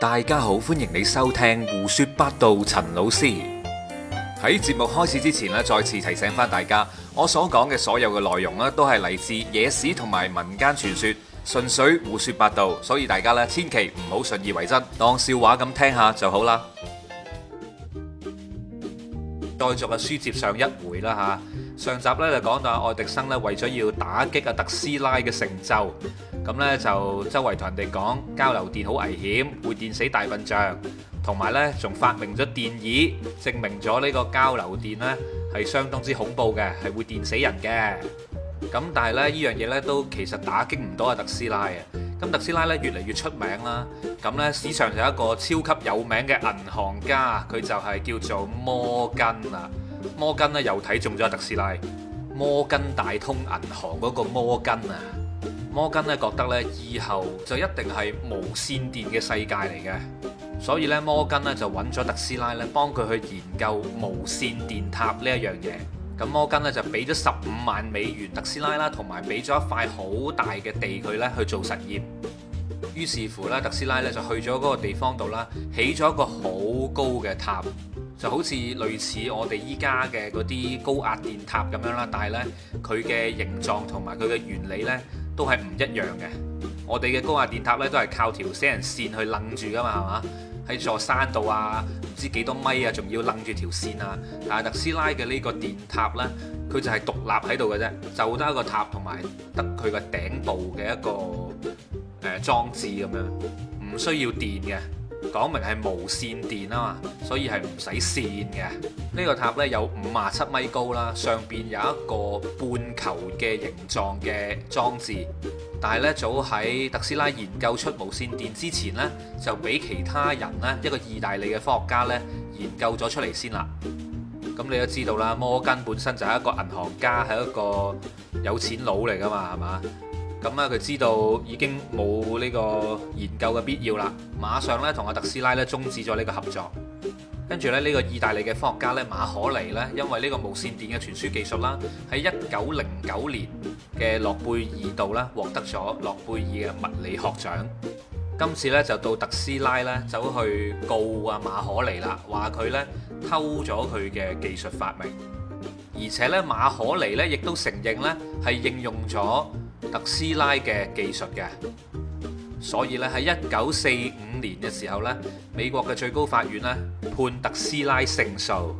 大家好，歡迎你收聽胡說八道。陳老師喺節目開始之前咧，再次提醒翻大家，我所講嘅所有嘅內容咧，都係嚟自野史同埋民間傳說，純粹胡說八道，所以大家咧千祈唔好信以為真，當笑話咁聽下就好啦。待續嘅書接上一回啦吓，上集咧就講到阿愛迪生咧為咗要打擊阿特斯拉嘅成就。咁呢，就周圍同人哋講交流電好危險，會電死大笨象，同埋呢，仲發明咗電椅，證明咗呢個交流電呢係相當之恐怖嘅，係會電死人嘅。咁但係呢，呢呢樣嘢呢都其實打擊唔到阿特斯拉啊。咁特斯拉呢越嚟越出名啦。咁呢史上就有一個超級有名嘅銀行家，佢就係叫做摩根啊。摩根呢又睇中咗阿特斯拉，摩根大通銀行嗰個摩根啊。摩根咧覺得咧以後就一定係無線電嘅世界嚟嘅，所以咧摩根咧就揾咗特斯拉咧幫佢去研究無線電塔呢一樣嘢。咁摩根咧就俾咗十五萬美元特斯拉啦，同埋俾咗一塊好大嘅地佢咧去做實驗。於是乎啦，特斯拉咧就去咗嗰個地方度啦，起咗一個好高嘅塔，就好似類似我哋依家嘅嗰啲高壓電塔咁樣啦。但係咧佢嘅形狀同埋佢嘅原理咧。都係唔一樣嘅。我哋嘅高壓電塔呢，都係靠條死人線去擰住噶嘛，係嘛？喺座山度啊，唔知幾多米啊，仲要擰住條線啊。但係特斯拉嘅呢個電塔呢，佢就係獨立喺度嘅啫，就得一個塔同埋得佢個頂部嘅一個誒呃、裝置咁樣，唔需要電嘅。講明係無線電啊嘛，所以係唔使線嘅。呢個塔呢，有五啊七米高啦，上邊有一個半球嘅形狀嘅裝置。但係呢，早喺特斯拉研究出無線電之前呢，就俾其他人呢，一個意大利嘅科學家呢，研究咗出嚟先啦。咁你都知道啦，摩根本身就係一個銀行家，係一個有錢佬嚟噶嘛，係嘛？咁啊，佢知道已經冇呢個研究嘅必要啦，馬上咧同阿特斯拉咧終止咗呢個合作。跟住咧，呢個意大利嘅科學家咧馬可尼咧，因為呢個無線電嘅傳輸技術啦，喺一九零九年嘅諾貝爾度咧獲得咗諾貝爾嘅物理學獎。今次咧就到特斯拉咧走去告阿馬可尼啦，話佢咧偷咗佢嘅技術發明，而且咧馬可尼咧亦都承認咧係應用咗。特斯拉嘅技術嘅，所以咧喺一九四五年嘅時候咧，美國嘅最高法院咧判特斯拉勝訴。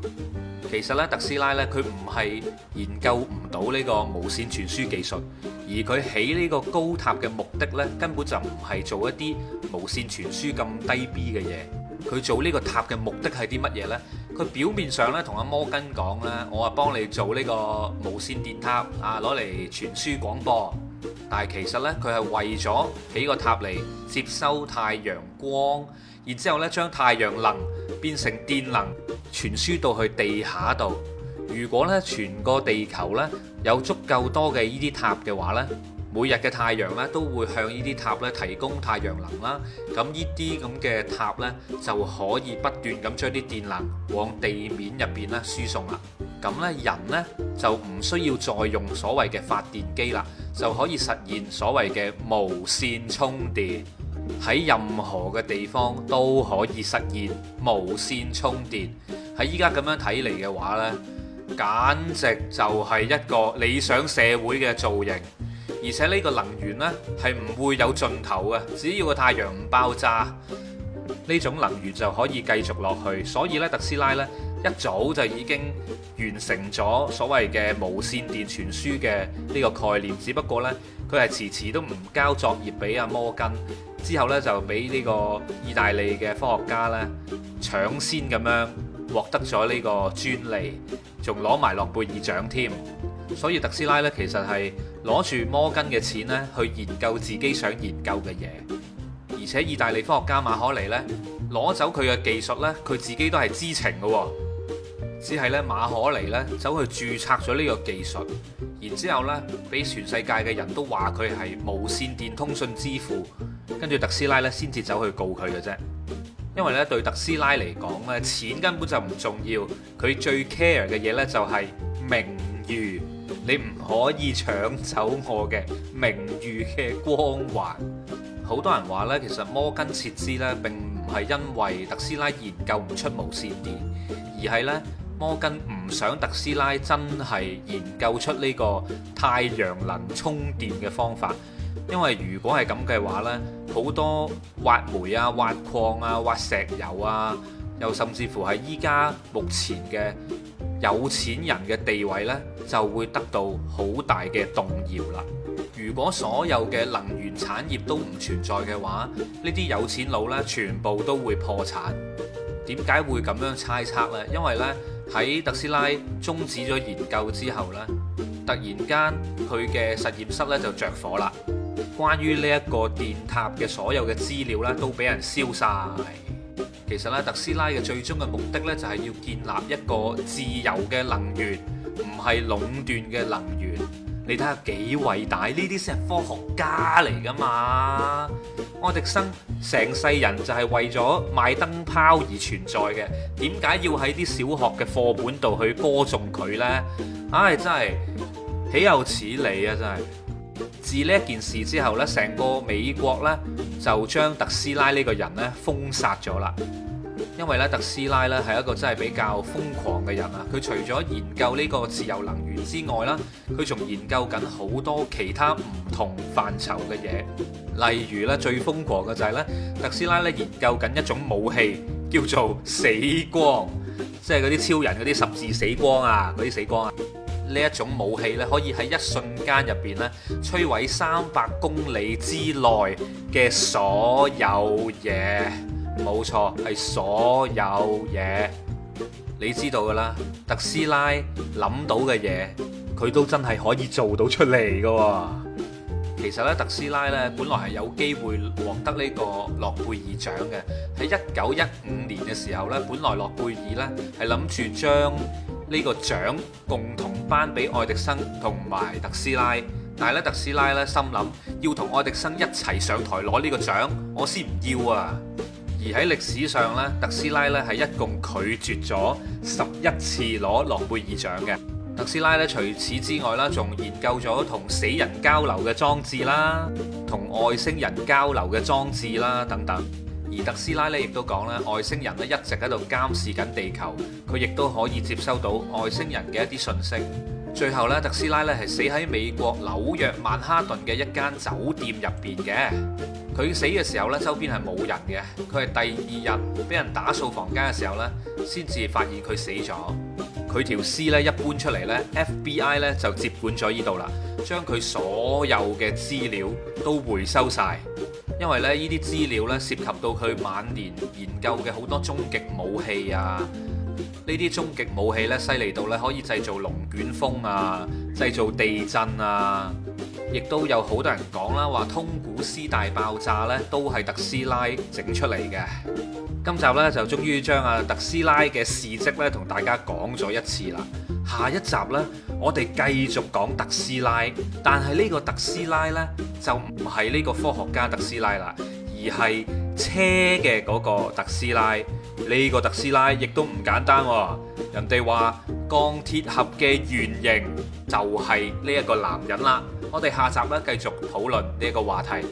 其實咧特斯拉咧佢唔係研究唔到呢個無線傳輸技術，而佢起呢個高塔嘅目的咧根本就唔係做一啲無線傳輸咁低 B 嘅嘢。佢做呢個塔嘅目的係啲乜嘢呢？佢表面上咧同阿摩根講咧，我啊幫你做呢個無線電塔啊，攞嚟傳輸廣播。但係其實呢，佢係為咗起個塔嚟接收太陽光，然之後咧將太陽能變成電能傳輸到去地下度。如果呢，全個地球呢，有足夠多嘅呢啲塔嘅話呢，每日嘅太陽呢，都會向呢啲塔呢提供太陽能啦。咁呢啲咁嘅塔呢，就可以不斷咁將啲電能往地面入邊咧輸送啦。咁咧，人咧就唔需要再用所謂嘅發電機啦，就可以實現所謂嘅無線充電，喺任何嘅地方都可以實現無線充電。喺依家咁樣睇嚟嘅話咧，簡直就係一個理想社會嘅造型，而且呢個能源咧係唔會有盡頭嘅，只要個太陽唔爆炸，呢種能源就可以繼續落去。所以咧，特斯拉咧。一早就已經完成咗所謂嘅無線電傳輸嘅呢個概念，只不過呢，佢係遲遲都唔交作業俾阿摩根，之後呢，就俾呢個意大利嘅科學家呢搶先咁樣獲得咗呢個專利，仲攞埋諾貝爾獎添。所以特斯拉呢，其實係攞住摩根嘅錢呢去研究自己想研究嘅嘢，而且意大利科學家馬可尼呢，攞走佢嘅技術呢，佢自己都係知情嘅喎、哦。只係咧，馬可尼咧，走去註冊咗呢個技術，然之後咧，俾全世界嘅人都話佢係無線電通訊之父。跟住特斯拉咧，先至走去告佢嘅啫。因為咧，對特斯拉嚟講咧，錢根本就唔重要，佢最 care 嘅嘢咧，就係名譽。你唔可以搶走我嘅名譽嘅光環。好多人話咧，其實摩根撤資咧，並唔係因為特斯拉研究唔出無線電，而係咧。摩根唔想特斯拉真係研究出呢個太陽能充電嘅方法，因為如果係咁嘅話咧，好多挖煤啊、挖礦啊、挖石油啊，又甚至乎係依家目前嘅有錢人嘅地位咧，就會得到好大嘅動搖啦。如果所有嘅能源產業都唔存在嘅話，呢啲有錢佬咧全部都會破產。點解會咁樣猜測咧？因為咧。喺特斯拉中止咗研究之後呢，突然間佢嘅實驗室咧就着火啦。關於呢一個電塔嘅所有嘅資料咧，都俾人燒晒。其實咧，特斯拉嘅最終嘅目的咧，就係要建立一個自由嘅能源，唔係壟斷嘅能源。你睇下幾偉大？呢啲先係科學家嚟噶嘛？愛迪生成世人就係為咗賣燈泡而存在嘅，點解要喺啲小學嘅課本度去歌頌佢呢？唉、哎，真係豈有此理啊！真係自呢件事之後呢，成個美國呢，就將特斯拉呢個人咧封殺咗啦。因為咧，特斯拉咧係一個真係比較瘋狂嘅人啊！佢除咗研究呢個自由能源之外啦，佢仲研究緊好多其他唔同範疇嘅嘢。例如咧，最瘋狂嘅就係、是、咧，特斯拉咧研究緊一種武器，叫做死光，即係嗰啲超人嗰啲十字死光啊，嗰啲死光啊！呢一種武器咧，可以喺一瞬間入邊咧摧毀三百公里之內嘅所有嘢。冇錯，係所有嘢，你知道噶啦。特斯拉諗到嘅嘢，佢都真係可以做到出嚟噶。其實咧，特斯拉咧本來係有機會獲得呢個諾貝爾獎嘅。喺一九一五年嘅時候咧，本來諾貝爾咧係諗住將呢個獎共同頒俾愛迪生同埋特斯拉，但係咧特斯拉咧心諗，要同愛迪生一齊上台攞呢個獎，我先唔要啊。而喺歷史上咧，特斯拉咧係一共拒絕咗十一次攞諾貝爾獎嘅。特斯拉咧，除此之外啦，仲研究咗同死人交流嘅裝置啦，同外星人交流嘅裝置啦等等。而特斯拉咧，亦都講咧，外星人咧一直喺度監視緊地球，佢亦都可以接收到外星人嘅一啲訊息。最後咧，特斯拉咧係死喺美國紐約曼哈頓嘅一間酒店入邊嘅。佢死嘅時候咧，周邊係冇人嘅。佢係第二日俾人打掃房間嘅時候咧，先至發現佢死咗。佢條屍咧一搬出嚟咧，FBI 咧就接管咗依度啦，將佢所有嘅資料都回收晒，因為咧呢啲資料咧涉及到佢晚年研究嘅好多終極武器啊。呢啲終極武器呢，犀利到呢可以製造龍捲風啊，製造地震啊，亦都有好多人講啦，話通古斯大爆炸呢，都係特斯拉整出嚟嘅。今集呢，就終於將阿特斯拉嘅事迹呢，同大家講咗一次啦。下一集呢，我哋繼續講特斯拉，但係呢個特斯拉呢，就唔係呢個科學家特斯拉啦，而係車嘅嗰個特斯拉。呢個特斯拉亦都唔簡單喎，哦，人哋話鋼鐵俠嘅原型就係呢一個男人啦，我哋下集咧繼續討論呢一個話題。